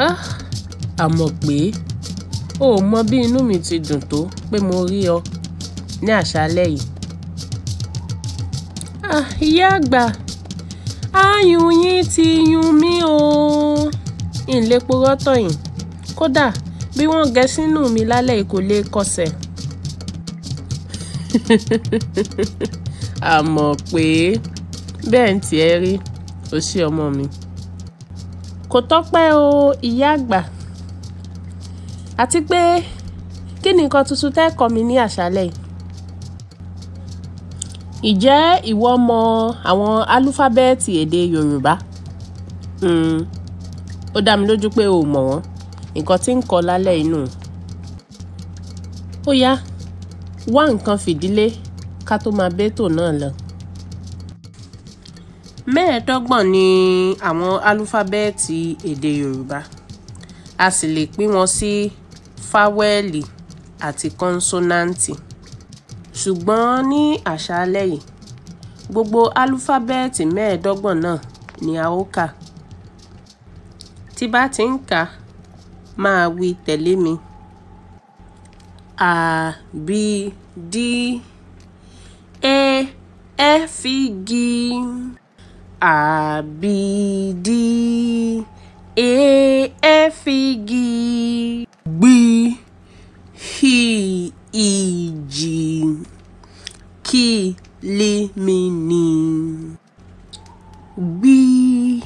háà ah, àmọ́ pé o ò mọ bí inú mi ti dùn tó pé mo rí ọ ní àṣálẹ́ yìí. Ah, ìyá àgbà ayùn yín ti yún mí o ìlépo rọ́tọ̀ yìí kódà bí wọ́n gẹ sínú mi lálẹ́ yìí kò lè kọsẹ̀. àmọ́ pé bẹ́ẹ̀ ń tiẹ̀ rí o ṣé ọmọ mi kò tọ́pẹ́ o ìyá àgbà àti pé kí ni nǹkan tuntun tẹ́ kọ́ mi ní àṣálẹ́ yìí ìjẹ́ ìwọ mọ àwọn álúfábẹ́ẹ̀tì èdè Yorùbá hmm, ó dá mi lójú pé o mọ̀ wọ́n nǹkan tí ń kọ lálẹ́ inú ó yá wá nǹkan fìdílé ká tó máa bẹ́tò náà lọ mẹ́ẹ̀ẹ́dọ́gbọ̀n ni àwọn álúfábẹ́ẹ̀tì èdè yorùbá a sì lè pín wọn sí fáwẹ́ẹ̀lì àti kọ́ńsónáǹtì ṣùgbọ́n ní àṣálẹ́ yìí gbogbo álúfábẹ́ẹ̀tì mẹ́ẹ̀ẹ́dọ́gbọ̀n náà ni a ó kà tí bá ti ń kà máa wí tẹ̀lé mi a b d e f g. A A B D e F e G G B H E K L M N B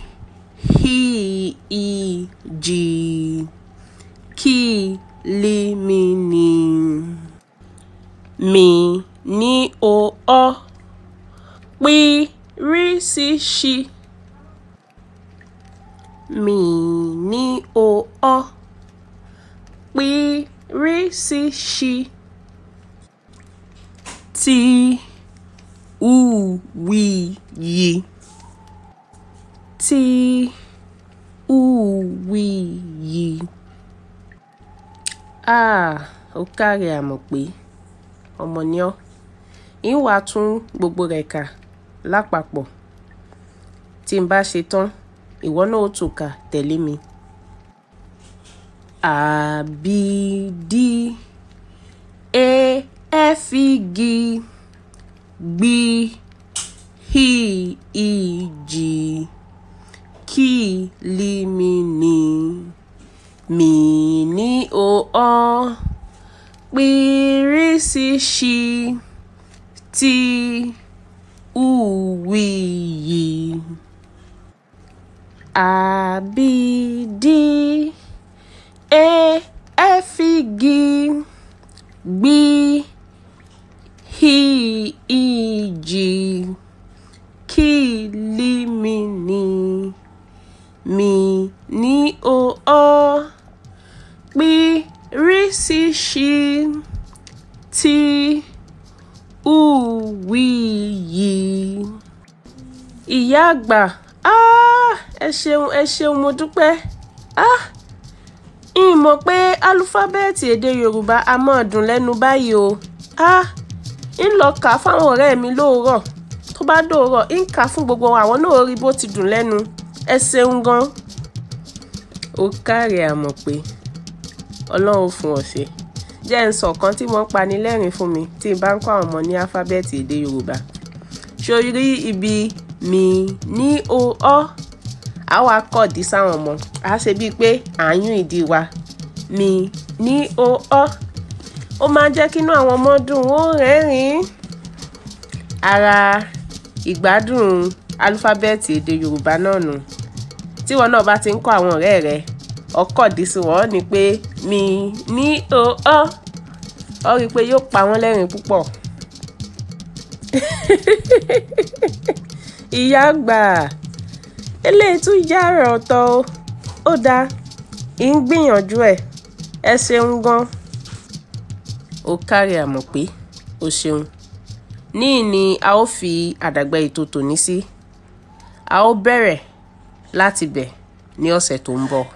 H E G K L M N M N o O pín o rísíṣí mìíní/oọ́ pírísíṣí tìhùwìyí tìhùwìyí háà ó káre àmọ̀pé ọmọ ni ọ́ ń wàá tún gbogbo rẹ̀ kà lápapọ̀ tí n bá ṣe tán ìwọ náà ó tò ká tẹ̀lé mi. a b d e f g gb h i j k l m n m n o ọ p r s ṣ t uwiyi abidi e efigi gbi hi iji kilimini mi ni o o pi risishi ti uwiyi ìyá àgbà ah, ẹ ṣeun ẹ ṣeun mo dúpẹ́ n ah, mọ̀ pé álúfábẹ́ẹ̀tì èdè yorùbá a máa dùn lẹ́nu báyìí o n ah, lọ kà á fáwọn ọ̀rẹ́ mi lóòrọ̀ tó bá dòòrọ̀ n kà á fún gbogbo àwọn náà rí bó ti dùn lẹ́nu ẹ ṣeun gan. ó káre àmọ̀ pé ọlọ́run fún ọ ṣe jẹ́ ń sọ kan tí wọ́n pani lẹ́rìn fún mi tí n bá ń kọ́ àwọn ọmọ ní álúfábẹ́ẹ̀tì èdè yorùbá ṣorí ibi mi ní o ọ́ a wá kọ́ ìdí sáwọn ọmọ a ṣe bíi pé à ń yún ìdí wa mi ní o ọ́ ó máa ń jẹ́ kínú àwọn ọmọ dùn ó rẹ́rìn-ín ara ìgbádùn alífábẹ́ẹ̀tì èdè Yorùbá náà nù tíwọ náà bá ti ń kọ́ àwọn ọ̀rẹ́ rẹ ọkọ̀ dí sí wọn ni pé mi ní o ọ́ ọ rí i pé yóò pa wọ́n lẹ́rìn púpọ̀. ìyá àgbà eléyìí tún já àrà ọ̀tọ̀ o ó dáa ì ń gbìyànjú ẹ̀ ẹ ṣeun gan. ó kárí àmọ̀pé o ṣeun níì ni a ó fi àdàgbà ètò tòní sí a ó bẹ̀rẹ̀ láti bẹ̀ ní ọ̀sẹ̀ tó ń bọ̀.